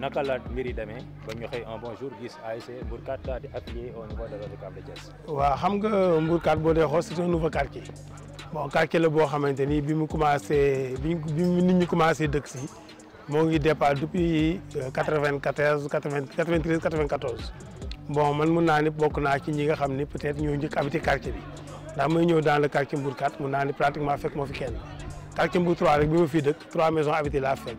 nakalat la mbir yi ba ñu xey un bon jour gis ASC Mbourkat daa di affilié au niveau de l'ODCAV de Thiès. waaw xam nga Mbourkat bo dee xool c'est un nouveau quartier bon quartier la bo xamanteni bi mu commencé bi mu nit ñi commencé dëkk ci mo ngi départ depuis 94 vingt quatorze quatre bon man mun naa ni bokk naa ci ñi nga xamni peut-être ñoo njëkk habité quartier bi da may ñëw dans le quartier Mbourkat mu naa pratiquement fekk mo fi kenn quartier Mbour 3 rek bi mu fi dëkk trois maisons habitées la fekk.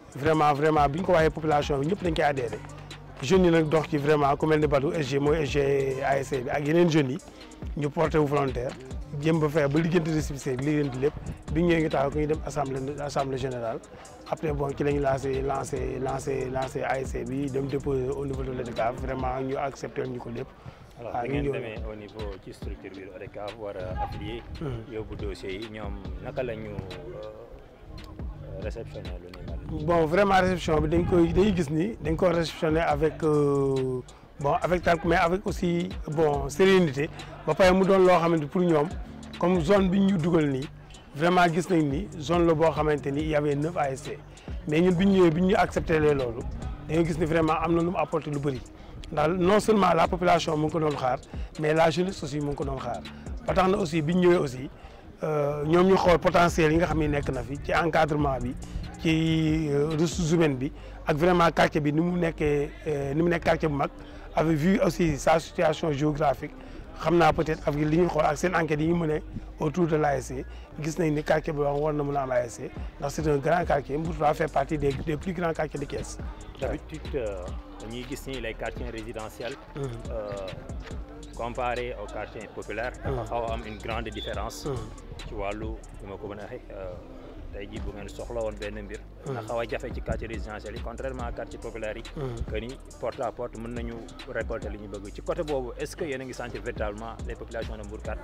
vraiment vraiment biñ ko waxé population bi ñëpp dañ koy adhéré jeune yi nak dox ci vraiment ku melni ni Badou SG moy SG ASC e bi ak yeneen jeune yi ñu porté wu volontaire jëm ba fexe ba lijjanti récépissé bi lijjanti lépp bi ñëwee ngi taxaw ku ñu dem assemblée assemblée générale après bon ci la ñu lancé lancé lancé lancé ASC e bi dem déposer au niveau de l'ODCAV vraiment ñu accepté ñu ko lépp. alors ngeen démé au niveau ci structure bi ODCAV war affilié appuyer. Hmm. yóbbu dossiers yi naka lañu euh, réceptionné le Nima Bon, vraiment, la ni dañ avons réceptionner avec, euh, bon, avec tal mais avec aussi bon, sérénité. Nous avons donné pour nous, comme zone ñu nous ni vraiment gis nañ ni zone la boo xamante ni il y avait neuf ASC mais ñun bi ñu ñëwee bi ñu accepté lee loolu dañoo gis ni vraiment am na lu mu apporté lu bëri ndax non seulement la population mu ngi ko doon xaar mais la jeunesse aussi mu ngi ko doon xaar ba tax na aussi bi ñu ñëwee aussi euh, ñom ñu xol potentiel yi nga xamni nek na fi ci encadrement bi ci euh, ressources humaines bi ak vraiment quartier bi ni mu nekké euh, ni mu nekk quartier bu mag avec vu aussi sa situation géographique xamna peut-être avec li ñu xol ak sen enquête yi ñu mën autour de l'ASC gis nañ ni quartier boobu war na mën a am ASC ndax c'est un grand quartier mu Mbourtouba faire partie des des plus grands quartiers de caisse d'habitude ñi gis ni les quartiers résidentiels. Hum. euh comparé au quartier populaire. dafa ah. xaw a am une grande différence. Tu vois, li ma ko mën a waxee euh, tey jii bu ngeen soxla benn mbir. na ah. xawa jafé ci quartier résidentiel contrairement à quartier populaire yi. Ah. que ni porte à porte mën nañu récolter li ñu bëgg ci côté bobu est ce que yéen ngi sentir véritablement les populations de Mbour Mbourkat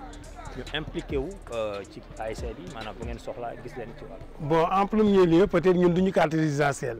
ñu impliqué wu euh, ci ASC manam maanaam bu ngeen soxla gis leen ci wàll. bon en premier lieu peut être ñun duñu quartier résidentiel.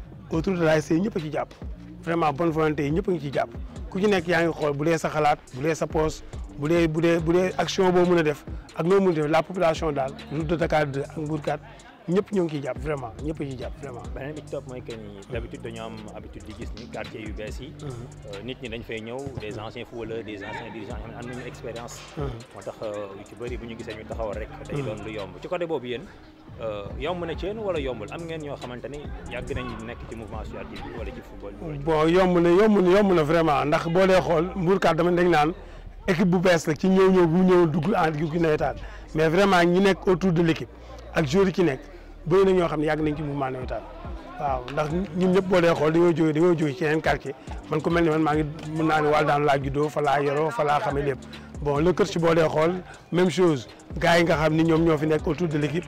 autour de la ñëpp ci vraiment bonne volonté ñëpp ngi ci vous ku ci nekk yaa ngi bu sa xalaat bu sa poste bu voulez bu bu action def ak la population ñëpp ñu ngi japp vraiment ñëpp ci japp vraiment. benen bi top moy mooy que ni d'habitude dañu am habitude di gis ni quartier yu bees yi. Mhm. Euh, nit ñi dañ fay ñëw des mhm. anciens footballeurs des anciens dirigeants am nañu expérience. Mhm. motax euh, yu ci bari bu ñu gisee ñu taxawal rek. day doon lu yomb ci côté boobu yéen euh, yomb na ci yéen wala yombul am ngeen ño xamante ni yàgg nañ nekk ci mouvement associatif wala ci football bi. bon yomb na yomb na yomb na vraiment ndax bo boo dee xool mbuurkat dama dañ naan équipe bu bees la ci ñëw ñëw bu ñëw dugg en dugg nawetaan mais vraiment ñi nek autour de l'équipe ak joueurs ki nek bëri na ñoo xam ne yàgg nañ ci mouvement nawetaan waaw ndax ñun ñëpp boo dee xool dañoo jógee dañoo jógee ci yeneen quartier man ku mel ni man maa ngi mën naa ne wàll daan laa juddoo fa laa yoroo fa laa xamee lépp bon le kër ci boo dee xool même chose gars yi nga xam ni ñoom ñoo fi nekk autour de l' équipe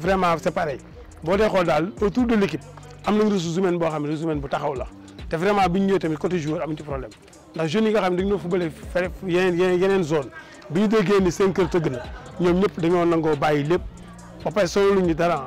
vraiment c' est pareil boo dee xool daal autour de l' équipe am nañ ressource humaine boo xam ne ressource humaine bu taxaw la te vraiment bi ñu ñëwee tamit côté joueur amuñ ci problème ndax jeunes yi nga xam ne dañu footballé fubale fere yeneen yeneen zone bi ñu déggee ni seen kër tëgg na ñoom ñëpp dañoo nangoo bàyyi lépp ba pare solo dara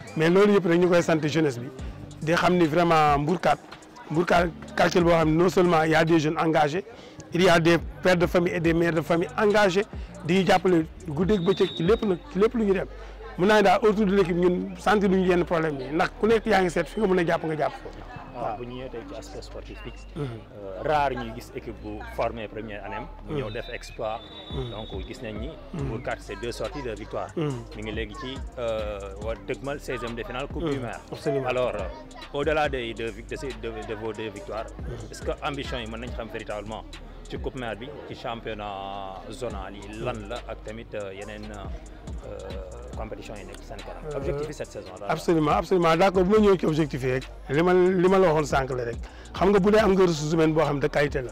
mais loolu yëpp rek ñu koy sant jeunesse bi di xam ni vraiment Mbourkat Mbourkat calcul boo xam ne non seulement il y a des jeunes engagés il y a des pères de famille et des mères de famille engagés di ñu jàppale guddeeg bëccëg ci lépp nag ci lépp lu ñu dem mun naa ne daal autour de l'équipe ñun sentir ñu yenn problème yi ndax ku nekk yaa ngi seet fi nga mën a jàpp nga jàpp ko waaw ah. bu ñu ñëwee tey ci aspect sportif hum. euh, rare ñuy gis équipe bu formé première année mu ñëw hum. def exploit. Hum. donc gis nañ ni. pour quatre c'est deux sorties de victoire. mi ngi léegi ci euh, wa dëgmal 16e de finale coupe du maire. alors euh, au delà des de de de vos deux victoires. est ce que ambition yi mën nañ xam véritablement ci coupe mère bi ci championnat zonal yi lan la ak tamit euh, yeneen euh, euh, compétition yi nekk seen kanam. objectif yi cette saison daal. absolument absolument d' accord bu ma ñëwee ci objectif yi rek li ma li ma la waxoon sànq la rek xam nga bu dee am nga ressource humaine boo xam ne de qualité la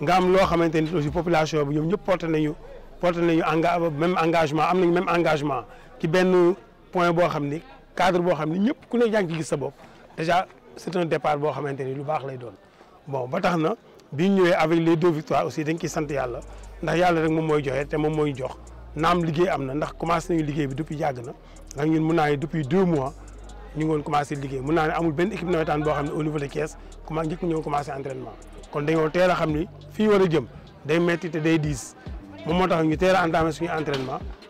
nga am loo xamante ni aussi population bi ñoom ñëpp porté nañu porté nañu enga même engagement am nañu même engagement ci benn point boo xam ni cadre boo xam ni ñëpp ku ne yaa ngi gis sa bopp déjà c' est un départ boo xamante ni lu baax lay doon bon ba tax na avec les deux victoires aussi dañ avons sant yàlla ndax à rek moom nous avons commencé à travailler depuis deux mois ñu avons commencé à mun commencé amul équipe au niveau de la commencé Nous avons commencé entraînement kon dañoo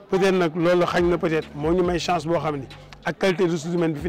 peut-être loolu chance qualité de ressources humaines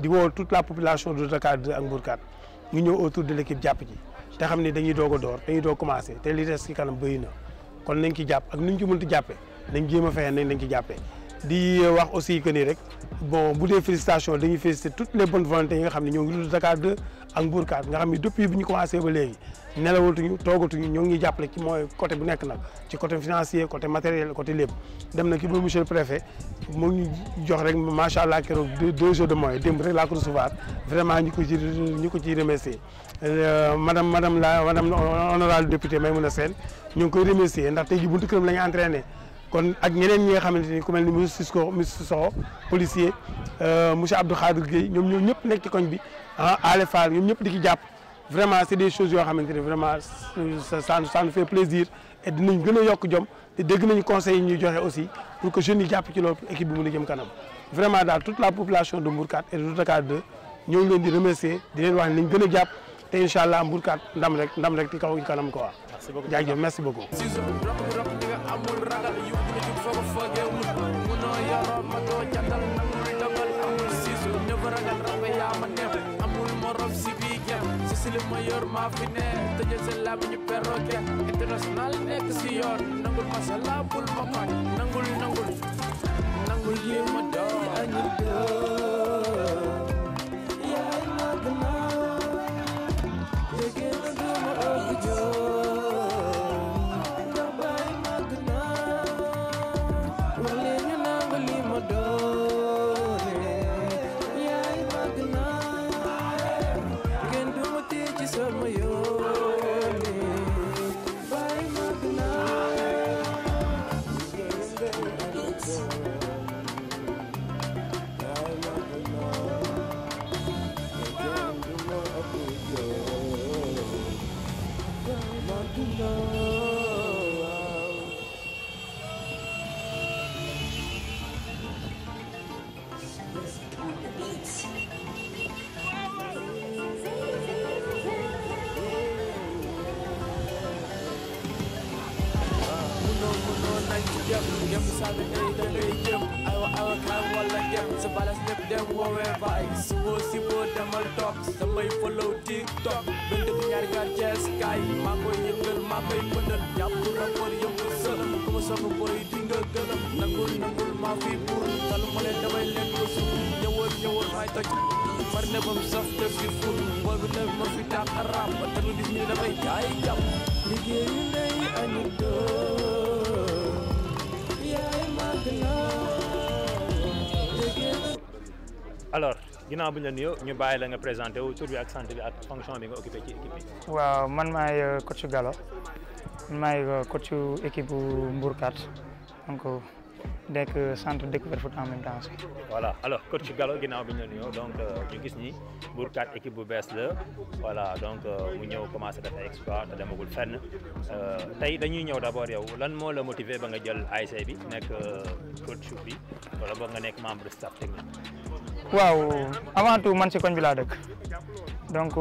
di woo toute la population de Dakar ak Mbourkat ñu ñëw autour de l'équipe équipe jàpp ci te xam dañuy dogo dor door dañuy doog commencé té li reste ci kanam bëri kon nañ ci japp ak nuñ ci mënti jappé nañ jéem a fexe nañ lañ ci jappé di wax aussi que ni rek bon bu dé félicitations dañuy féliciter toutes les bonnes volontés yi nga xamni ñoo ngi dund Dakar 2 ak Mbourkat nga xamni depuis bi ñu commencé ba légui nelaw nelawatuñu toogatuñu ñoo ngi jàppale ci mooy côté bu nekk nag ci coté financier côté matériel côté lépp dem na ki ba monsieur le préfet mu jox rek macha allah keroog deux jours de mois démb rek laa ko recevoir vraiment ñu ko ci ñu ko ciy euh, la madame honorable député Maïmouna Sène ñu ngi koy remercier ndax tey ji buntu këram la ñu kon ak ñeneen ñi nga xamante ni ku mel ni monsieur Sisco monsieur Soxo policier euh, monsieur Abdou Khadir Gueye ñoom ñoo ñëpp nekk ci koñ bi ah Alé Fall ñoom ñëpp di ki jàpp vraiment c'est des choses yoo xamante vraiment ça ça nous fait plaisir et dinañ gën a yokk jom te dégg nañu conseil ñu joxé aussi pour que jeunes yi jàpp ci loolu équipe bi mën a jëm kanam vraiment daal toute la population de Mbour et de Dakar 2 ñoo ngi leen di remercier di leen wax ne gëna japp et jàpp te ndam rek ndam rek ti kaw ci kanam quoi. merci beaucoup jaajëf merci beaucoup. si li ma yor maa fi ne tëjee seen làmmiñu perroquet international nekk si nangul ma sa ma koy nangul nangul nangul li ma doon dem saaga day da ngay jëm aywa aywa kaay wala dem sa balas ñëpp dem woowee baay si boo si boo demal toog follow TikTok benn dëkk ñaari gaar Cees kaay maa koy yëngal maa koy pëndal jàpp rapport yëpp sël ku ma sopp booy di nga gën nangul nangul maa fi buur talu ma leen damay leen ko suuf ñëwal ñëwal may toj mar ne bam saf te fi ful bool bi ne ma fi tàq raam ba tegu gis ñu dafay jaay jàpp liggéeyu lay anecdote ginnaaw bi ñu la nuyoo ñu bàyyi la nga présenté wu tur bi ak sant bi ak fonction bi nga occupé ci équipe bi. waaw man maay euh, coach man maay euh, coach équipe bu Mbour 4 dek centre découverte foot en même temps voilà alors coach Galo ginaaw biñu ñëw donc euh, ñu gis ni quatre équipe bu bess la voilà donc euh, mu ñëw commencé def ay exploit te demagul fenn euh, tay dañuy ñëw d'abord yow lan mo la motiver ba nga jël ASC bi nek coach bi wala ba nga nek membre staff technique. waaw avant tout man ci koñ bi la dëkk donc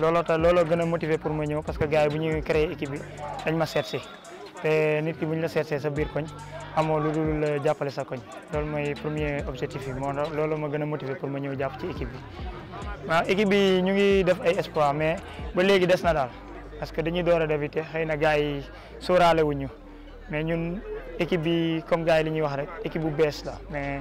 lolo ta lolo gëna motiver pour ma ñëw parce que gaay bu ñuy créer équipe bi dañ ma seet te nit ki bu ñu la seetsee sa biir koñ amoo lu dul euh, jàppale sa koñ loolu mooy premier objectif bi moo loolu ma gën a motiver pour ma ñëw jàpp ci équipe bi. waaw équipe bi ñu ngi def ay espoir mais ba léegi des na daal parce que dañuy door a def it xëy na gars yi sóoraale mais ñun équipe bi comme gars yi li ñuy wax rek équipe bu bees la mais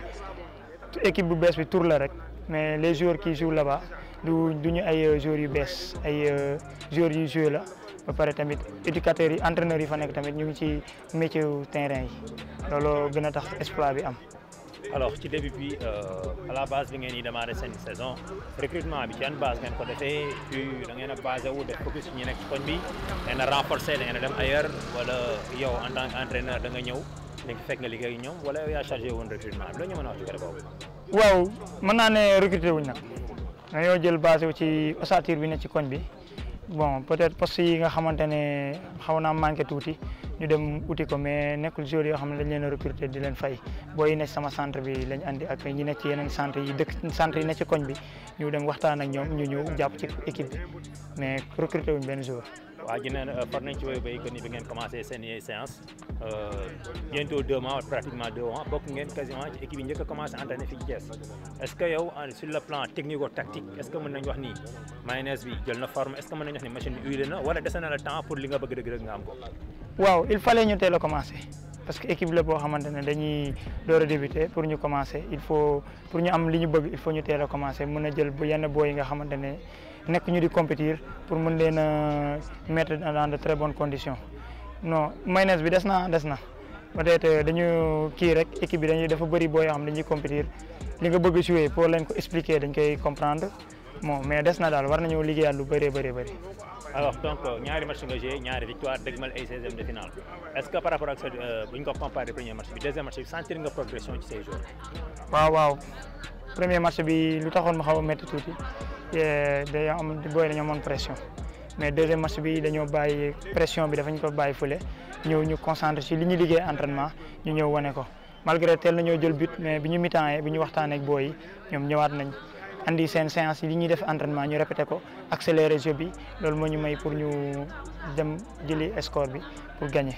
équipe bu bees bi tour la rek mais les jours qui jouent là-bas du ñu ay euh, joueurs yu bees ay euh, joueurs yu joué la. ba pare tamit éducateurs yi entraîneurs yi fa nek tamit ñu ngi ci métier terrain yi lolo gëna tax exploit bi am. alors ci début bi euh, à la base bi ngeen di démarrer seen saison recrutement bi ci yan base ngeen ko defee puis da ngeen a basé wu def focus ñi nek koñ bi da ngeen a renforcer da ngeen a dem ailleurs wala yow en tant que entraîneur da nga ñëw léegi fekk nga liggéey ñoom wala yow yaa chargé woon recrutement bi la ñu mën a wax ci côté boobu. waaw mën naa ne recruter wuñ nag dañoo jël basé wu ci ossature bi ne ci koñ bi. bon peut-être poste yi nga xamante ne xaw naa manqué tuuti ñu dem uti ko mais nekkul joueurs yoo xam ne dañ leen a di leen fay booy yi nekk sama centre bi lañ andi ak ñi nekk ci yeneen centre yi dëkk centre yi nekk ci koñ bi ñu dem waxtaan ak ñoom ñu ñëw jàpp ci équipe bi mais recruter wuñ benn joueur. waa ji nee na euh, far nañ ci wooyu bay que ni bi ngeen commencé seen i séance euh, bientôt deux mois pratiquement deux mois bokk ngeen quasiment ci équipe yi njëkk a commencé entraîner fii ci Thiès est ce que yow euh, sur le plan technique ou tactique est ce que mën nañ wax ni mayonnaise bi jël na forme est ce que mën nañ wax ni machine bi huilé na wala dese na le temps pour li nga bëgg dëgg-dëgg nga am ko waaw il fallait ñu teel a commencé parce que équipe la boo xamante ne dañuy door a débuter pour ñu commencer il faut pour ñu am li ñu bëgg il faut ñu teel a commencer mën a jël bu yenn boo yi nga xamante ne nekk ñu di compétir pour mën leen a mettre dans de très bonnes conditions non mayonnaise bi des na des na peut-être dañu kii rek équipe bi dañuy dafa bëri boo xam dañuy compétir li nga bëgg jouer pour leen ko expliquer dañ koy comprendre bon mais des na daal war nañoo liggéeyaat lu bëree bëri bëri. alors donc ñaari match nga joué ñaari victoire dëgmal ay 16e de finale est-ce que par rapport ak sa euh, bu ñu ko comparé premier match bi deuxième match premier match bi lu taxoon ma xaw a métti tuuti eh, dañoo am booy dañoo amoon pression mais deuxième match bi dañoo bàyyi pression bi dafa ñu ko bàyyi fule ñëw ñu concentré si li ñu liggéey entraînement ñu ñëw wane ko malgré teel nañoo jël but mais bi ñu mitaayee bi ñu waxtaanee ak booy ñoom ñëwaat nañ andi seen séance yi li ñuy def entraînement ñu repete ko accéléré jeu bi loolu moo ñu may pour ñu dem jëli escore bi pour gagner.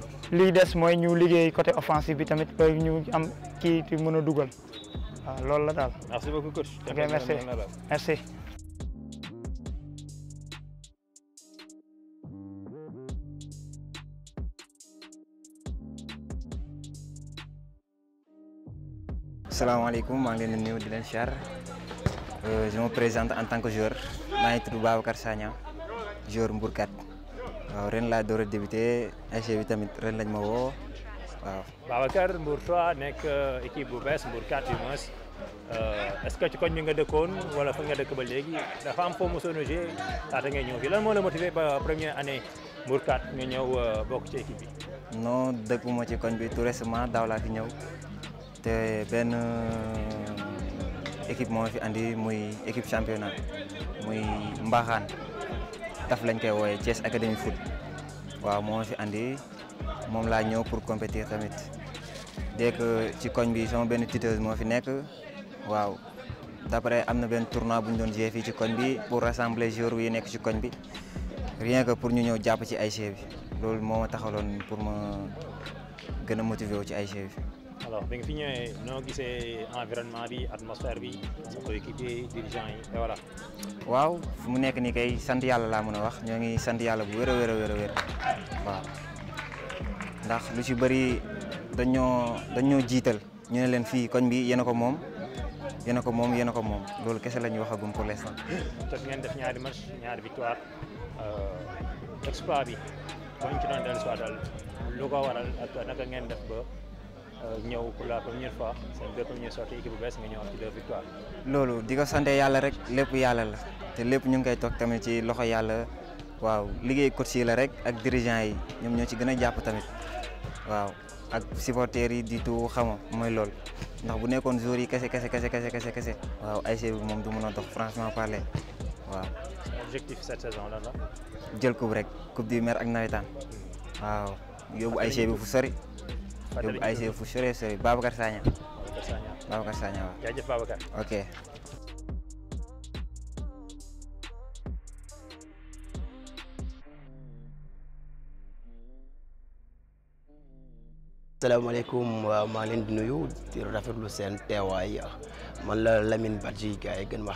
li dess moy ñu liggéey côté offensif bi tamit ba ñu am ki ti mëna duggal waaw loolu la dal merci beaucoup coach okay, merci merci Assalamu alaikum, maa ngi leen di nuyu di leen euh, je me présente en tant que joueur. Maa ngi tudd Babacar Sagna, joueur Mbourkat. 4. Ah, ren la dore a débuté ASC tamit ren lañ ma wo waaw. Ah, Babacar Mbour 3 nekk eh, équipe bu bees Mbour 4 du moins eh, est-ce que ci koñ nga dëkkoon wala fa nga dëkk ba légui dafa am foo mosoon jé ta da ngay ñëw fi lan mo la motivé ba première année Mbour 4 nga ñëw eh, bok ci équipe bi. non dëkkuma ci koñ bi tout récemment daaw fi ñëw té ben équipe mo fi andi muy équipe championnat muy mbahan. taf lañ koy woyé Thiès Academy foot waaw mo fi andi mom la ñëw pour compétir tamit dès que ci koñ bi sama ben tuteuse mo fi nekk waaw d'après amna ben tournoi bu ñu doon jouer fii ci koñ bi pour rassembler joueurs yu nekk ci koñ bi rien que pour ñu ñëw japp ci ASC bi loolu moo ma pour ma gëna a motiver ci ASC bi alors bi nga fi ñëwee noo gisee environnement bi atmosphère bi sa coéquipier dirigeant yi et voilà. waaw fu mu nekk ni kay sant yàlla laa mën a wax ñoo ngi sant yàlla bu wér a wér a wér a wér waaw ndax lu ci bëri dañoo dañoo jiital ñu ne leen fii koñ bi yéen ko moom yéen ko moom yéen ko moom loolu kese lañu wax agum pour l'instant. jot ngeen def ñaari match ñaari victoire exploit bi boo ñu ci doon dellusiwaat daal lu ko waral ak naka ngeen def ba. Euh, ñëw pour la première fois seen deux loolu di ko sant yàlla rek lépp yàlla la te lépp ñu ngi koy toog tamit ci loxo yàlla waaw liggéey coach yi la rek ak dirigeant yi ñoom ñoo ci gën a jàpp tamit waaw ak supporters yi di tout xama mooy lool ndax bu nekkoon jour yi kese kase kase kese kese kese waaw ASC bi moom du mën a dox franchement parler waaw. objectif cette saison jël coupe rek coupe du maire ak nawetaan waaw yóbbu ASC bi fu sori. yóbbu ASC fu sore sore Babacar Sagna. Babacar Sagna Babacar Sagna waaw. jaajëf Babacar. ok. salaamaaleykum maa di nuyu ya, ya, di rafetlu man la Lamine Badji gën ma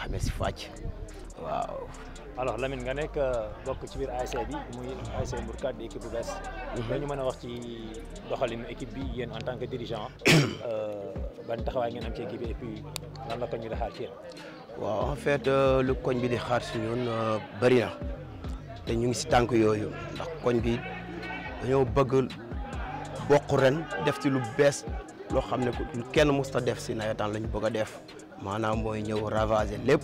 waaw. alors Lamine nga nekk euh, bokk ci biir ASC e bi muy ASC Mbour 4 bu bees. Mhm. dañu mën a wax ci doxalinu équipe bi yéen en tant que dirigeant. Euh, ban taxawaay ngeen am ci équipe bi et puis lan la euh, koñ bi di xaar ci waaw en fait lu koñ bi di xaar si ñun bëri na te ñu ngi si tànk yooyu ndax koñ bi dañoo bëgg bokk ren def ci lu bees loo xam ne kenn musta def si nawetaan lañu bëgg a def maanaam mooy ñëw ravager lépp.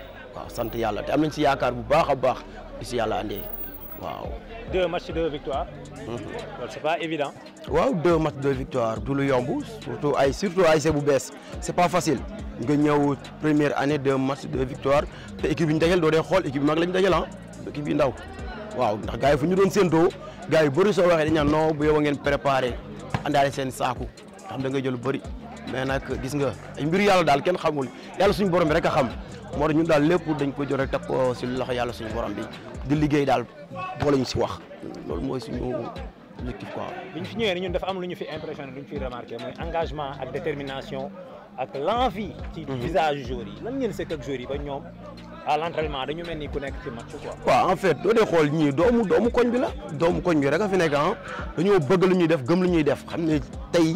waaw sant yàlla te am nañ ci yaakaar bu baax a baax di si waaw. deux matchs deux victoires mhm. c'est pas évident. waaw deux matchs deux victoires du lu yomb surtout ay surtout ay c'est bu bess c'est pas facile nga ñëw première année deux matchs deux victoires té équipe yi ñu dajal doo dee xool équipe bi mag la ñu dajal ah. équipe yi ndaw waaw ndax gaay fu ñu doon sento gaay yi bëri waxé waxee dañu naan bu yow ngeen préparé andalé sen saaku xam da nga jël bëri mais nak gis nga ay mbiru yàlla daal kenn xamul yalla suñu borom bi rek xam moo ñun dal lepp dañ ko jor rek teg ko ci lox yalla suñu borom bi di liggéey dal bo lañ ci wax loolu moy suñu objectif quoi. bi fi ñëwé ñun dafa am luñu fi impressionné luñu fi remarquer moy engagement ak détermination ak l'envie ci mhm. visage joueurs yi lan ngeen sekk ak joueurs yi ba ñom à l'entraînement dañu melni ku nekk ci match quoi. waaw en fait do dee xol ñi doomu doomu koñ bi la doomu koñ bi rek a fi nekk ah dañu bëgg lu def gëm lu def xam ne tey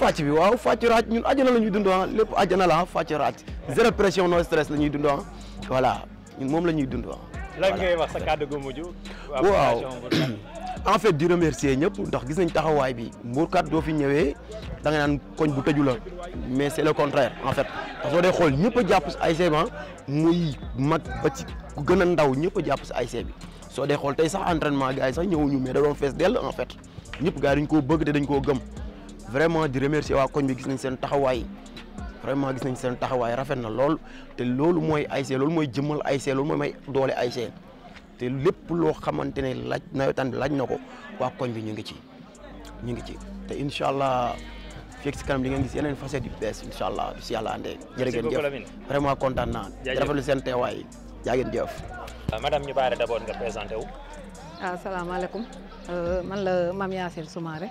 fàcc bi waaw fàcc raaj ñun àjjana la ñuy dund ah lépp àjjana la ah fàcc raaj zéro pression no stress la ñuy dund ah voilà moom la ñuy dund ah. wax sa kàddu gu waaw en fait di remercier ñëpp ndax gis nañ taxawaay bi mbuurkat doo fi ñëwee da naan koñ bu tëju la mais c'est le contraire en fait parce que soo dee xool ñëpp jàpp si ay ba ah. muy mag ba ci ku gën a ndaw ñëpp jàpp si ASC bi soo dee xool tey sax entraînement gars yi sax ñëwuñu mais da doon fees dell en fait ñëpp gars yi dañ koo bëgg te dañ koo gëm. vraiment di remercier wa koñ bi gis nañ sen taxaway vraiment gis nañ sen taxaway rafet na lool té loolu moy ASC loolu moy jëmmal ASC loolu moy may doole ASC té lépp lo xamante ne laaj nawetaan bi laaj na koñ bi ñu ngi ci ñu ngi ci té inshallah fiex ci kanam li ngeen gis yeneen facette du bees inshallah allah du si yàlla andee. jërë jëf vraiment content na jaajëf rafetlu sen teewaay jaa ngeen jëf. Euh, madame ñu baare d'abord nga présenté wu. Ah, alaykum euh man la mam Yacine Soumaré.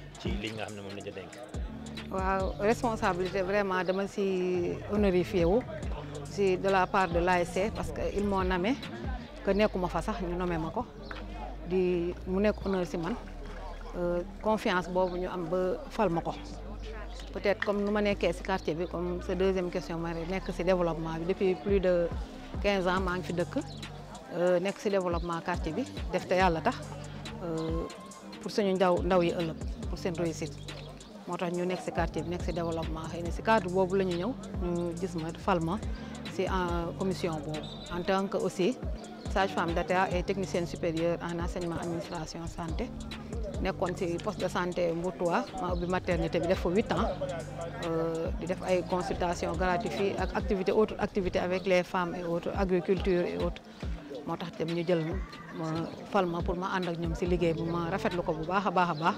ci li nga xam ne moom la ñu dénk. waaw responsabilité vraiment dama si honorifié wu si de la part de l'ASC parce que ils m'ont nommé que nekkuma fa sax ñu nommé ma ko di mu nekk honneur si man euh, confiance boobu ñu am ba fal ma ko. peut-être comme nu ma nekkee si quartier bi comme sa deuxième question ma nekk si développement bi depuis plus de quinze ans maa ngi fi dëkk euh, nekk si développement quartier bi def te yàlla tax euh, pour suñu ndaw ndaw yi ëllëg. pour s'en réussite moo tax ñu nekk ci quartier bi nekk développement xëy ci si cadre boobu la ñu ñu gis ma falma c'est en euh, commission boobu en tant que aussi sage-femme d'État et technicienne supérieure en enseignement administration santé nekkon ci poste de santé Mboutoua euh, ma ubbi maternité bi def fa huit ans euh, di def ay consultation gratuite ak activité autre activité avec les femmes et autres agriculture et autres motax tax tam ñu jël ma falma pour ma ànd ak ñoom si liggéey bi ma lu ko bu baaxa baaxa baax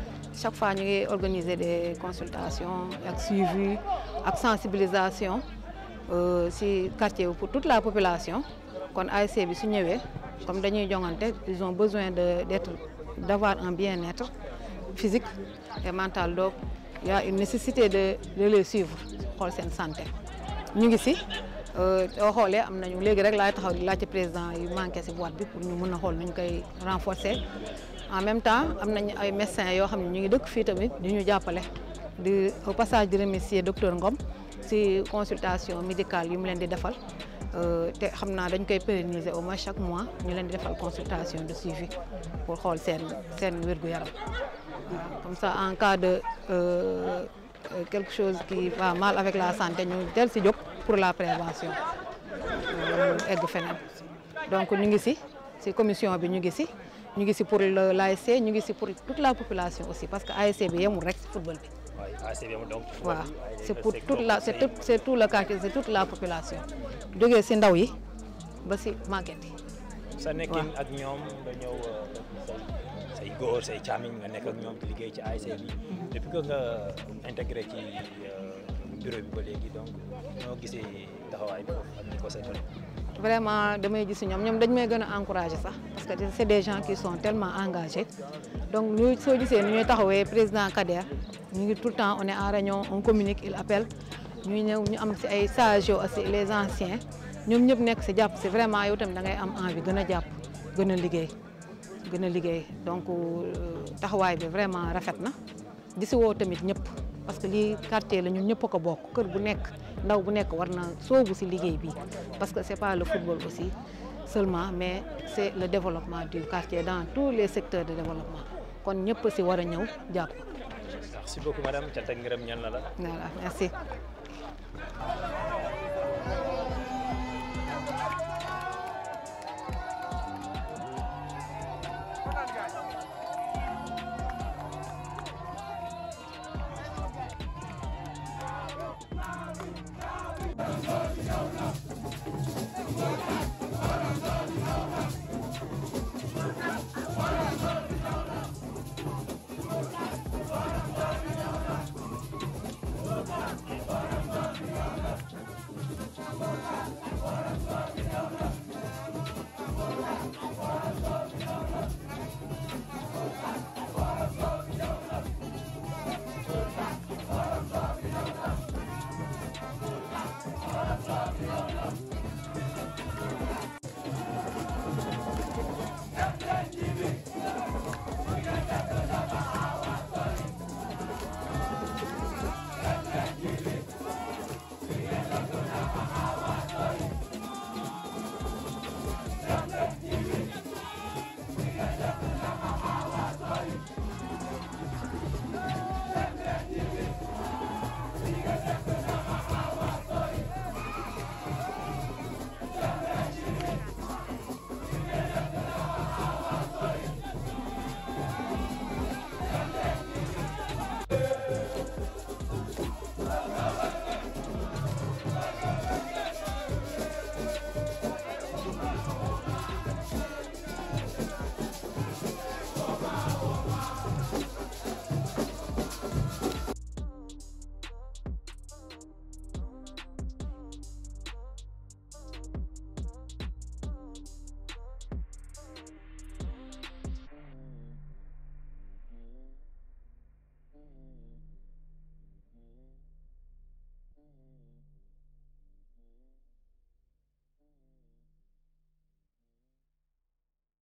chaque fois nous organisons des consultations des suivi des sensibilisation euh, pour toute la population kon ASC bi su comme ils ont besoin d'avoir un bien-être physique et mental donc il y a une nécessité de les suivre pour leur santé Nous ici, ci nous avons les règles, rek laay président yu manqué ci pour nous renforcer en même temps am nañu ay médecins yo xamni ñu ngi dëkk fi tamit di ñu jappalé di au passage di remercier docteur Ngom ci consultation médicale yu mu leen di defal euh té xamna dañ koy pérenniser au moins chaque mois ñu leen di defal consultation de suivi pour xol s'en sen wér yaram comme ça en cas de euh, euh, quelque chose qui va mal avec la santé ñu del ci jóg pour la prévention euh, egg feneen donc ñu ngi ci ci commission bi ñu ngi ci ñu ngi pour l'ASC ñu ngi pour toute la population aussi parce que ASC bi yemul rek si football bi. waaw c'est pour toute la c'est tout c'est tout le quartier c'est toute la population Donc c'est ndaw yi ba si màgget yi. sa nekkin ak ñoom nga ñëw euh, say góor say caamiñ nga nekk ak ñoom ci ASC bi depuis que nga intégré ci euh, bureau bi ba léegi donc ñoo gisee taxawaay bi ak ñi ko vraiment damay gis ñoom ñoom dañ may gën a encourager sax parce que c'est des qui sont tellement engagés donc ñu soo gisee nu ñuy taxawee président Kader ñu ngi tout le temps une est en réunion on communique il appelle ñu ñëw ñu am si ay sages yoo les anciens ñoom ñëpp nekk si jàpp si vraiment yow tamit da ngay am envie gën a jàpp gën a liggéey gën a liggéey donc euh, taxawaay bi vraiment rafet na di woo tamit ñëpp. parce que les quartiers nous ñun ñëpp pas bokk kër bu nekk ndaw bu nekk war na soobu si parce que c'est pas le football aussi seulement mais c'est le développement du quartier dans tous les secteurs de développement kon ñëpp si war a ñëw jàpp. merci beaucoup madame merci.